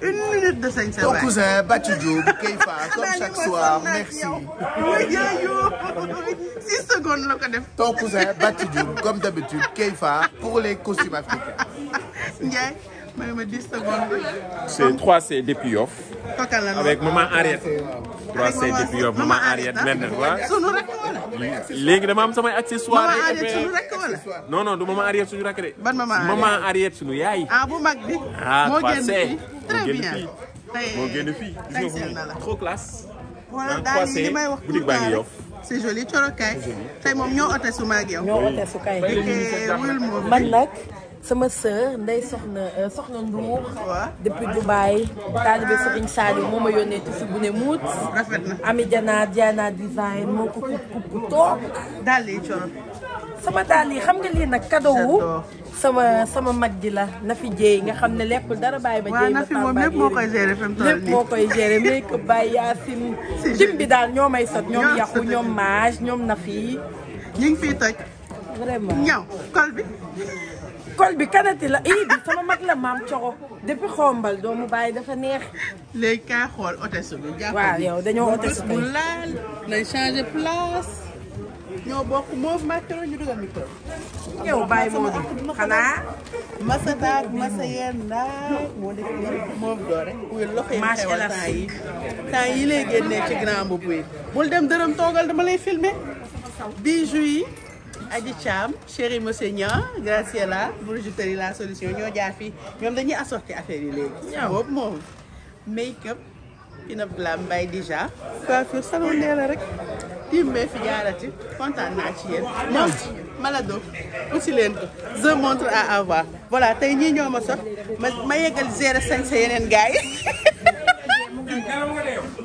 Une minute de 5 Ton cousin Batidou, Keifa, comme chaque soir, merci. Oui, Six secondes, le Ton cousin Batidou, comme d'habitude, Keifa, pour les costumes africains. secondes. C'est 3C depuis off. Avec maman Ariette. 3C depuis off, maman Ariette hein? maintenant. Légui dama am samay accessoire. Maman la non non du maman arrière suñu rakk de. ban maman arrière maman arrière suñu yaay. ah bu mag bi. Ah, moo génn fii très bien moo génn fii gis nga ko trop classe. wala daal li may wax boutique baa ngi yow. c'est joli corokaay. tey moom ñoo ote su ma ak yow. ñoo ote su kaay man nag sama sœur nday soxna euh, soxna Ndour. waaw depuis Dubaï. taalibe Serigne Saliou moo ma yónnee ci bu ne muut. rafet na Ami Diana Diana design moo ko ku ku toog. daal di coro. sama dàll yi xam nga li nak cadeau wu sama sama maggi la na fi jey nga xamne ne dara bàyyi ba jey na fi mom lépp mokoy gérer fam mu toll lépp mokoy gérer make up bàyyi yasin jim bi daal ñoo sot ñom yaxu ñom maaj ñom na fi ñi ngi fi toj vraiment ñaw kol bi kol bi kanati la yi bi sama mag la mam coxo depuis xombal doomu bàyyi dafa neex léegi kaay xool hôtesse bi jàpp wa yow dañu hôtesse bu laal lay changer place ñoo bokk moof macro ñu dugal micro. yow bàyyi Modou xanaa. masa daag masa yenn daag moo def moof doore. wala loxo yi xewal temps yi temps yi lay génnee ci grand boubou yi. bul dem dërëm toogal dama lay filmer bijou yi. Aji Thiam chéri monsieur Niang Graciela Boulangerie la solution ñoo jaar fii ñoom dañuy assorti affaire yi léegi. ñoo boobu moom. make up. pin up glam by déjà. salon nee la rek. team bee fi jaarati kontaan naa ci yéen moom Malado uti leen ko je montre à avoir voilà tey ñii ñoo ma sot ma ma yeggal gérer sañ sa yeneen gars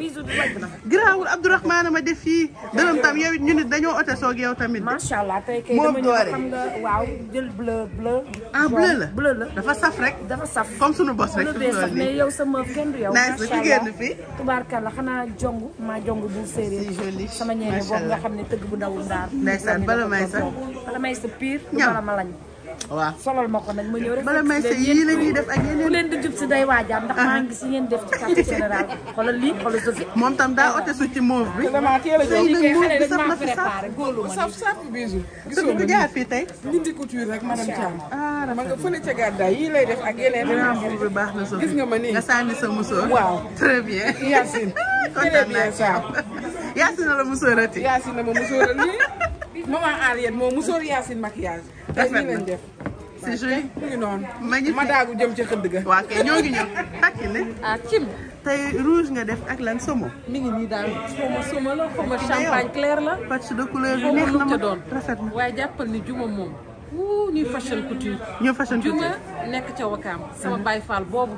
bisu du wàcc na. giraawul ma def fii dërëm tam yow it ñu nit dañoo ote soog yow tamit. macha allah tey kay dama ñëw xam nga waaw jël bleu ah, bleu. la bleu la dafa saf rek. dafa saf comme sunu bos rek. bleu saf mais yow sama kenn du yow. macha allah génn fi. xanaa jong maa jong bu séeréer. si joli sama ñeene xam ne tëgg bu ndaw ndaar. ndeysaan bala may sa bala may sa ma lañ. waaw solal ma ko nag ma ñëw bala may sa yii ñuy def ak yeneen. leen di jub si day waajaat ndax maa lii xoolal Sophie. moom tam daa ote su ci mauve bi. vraiment teel a jóg tey xale dañ maa préparé góorlu ma saf ma jaar fii tey. Ndindy ah, def ak yeneen. grand bi baax na Sophie gis nga ma ni nga sànni sa musoor. waaw très bien. Yacine kontaan naa Thiam. Yacine la musoorati. Yacine la ma musooral musoor Yacine maquillage rafet na c'est joli. magnifique ma daagu jëm ci xëdd ga. waaw kay ñoo ngi ñëw ak ne. ah cim. tey rouge nga def ak lan somo. mi ngi nii daal somo somo la xoma champagne clair la. patch de couleur bi neex na ma rafet na waaye jàppal ni juma moom. wuu ñuy fashion couture. ñoo fashion couture juma nekk ca wakaam. sama baay faal boobu.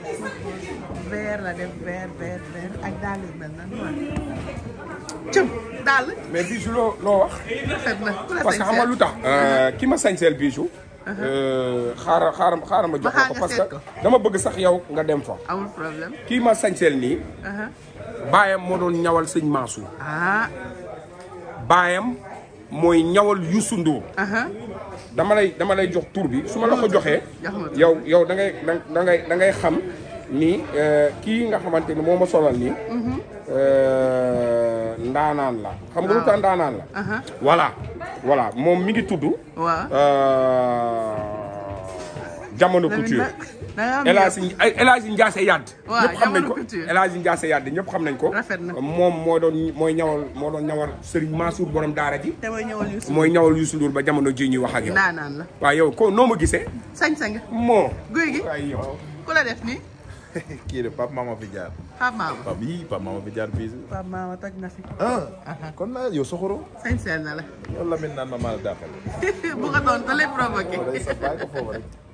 la def vert vert vert ak daal yu mel na noir cëm daal. mais bijou loo loo wax. rafet na parce que xam nga lu tax. ki ma sañseel bijou. xaaral uh-huh. euh, xaaral xaaral ma jox ko parce que dama bëgg sax yow nga dem fa. amul problème kii ma sañseel nii. Uh-huh. baayam moo doon ñawal sëñ Mansour. Ah. baayam mooy ñawal Youssou Ndour. Uh-huh. dama lay dama lay jox tur bi su la ko joxee. yow yow da ngay da ngay da ngay xam. ni euh, kii nga xamante ni moo ma solal nii. Mhm. Euh, ndaanaan la. xam nga lu tax ndaanaan la. voilà voilà moom mi ngi tudd. Euh, jamono couture. El Hadji El Hadji Ndiassé Yadd. ñëpp xam nañ ko El Hadji Ndiassé Yadd ñëpp xam nañ ko. moom moo doon mooy ñawal moo doon ñawal Serigne Mansour borom daara ji. te mooy ñawal Youssou Ndour mooy ñawal Youssou Ndour ba jamono ji ñuy wax ak yow. naanaan la waaw yow ko noo ma gisee. sañ-sañ. moo. guy gi ku la def nii. kii de Pape Maama fi jaar. Pape Maama Pape yii Pape Maama fi jaar fii. Pape Maama toj na fi. ah. kon naa yow soxoro. sañ seen na la. yow Lamine naan ma maa la dàqal. bu ko doon da lay provoqué. ko foofu rek.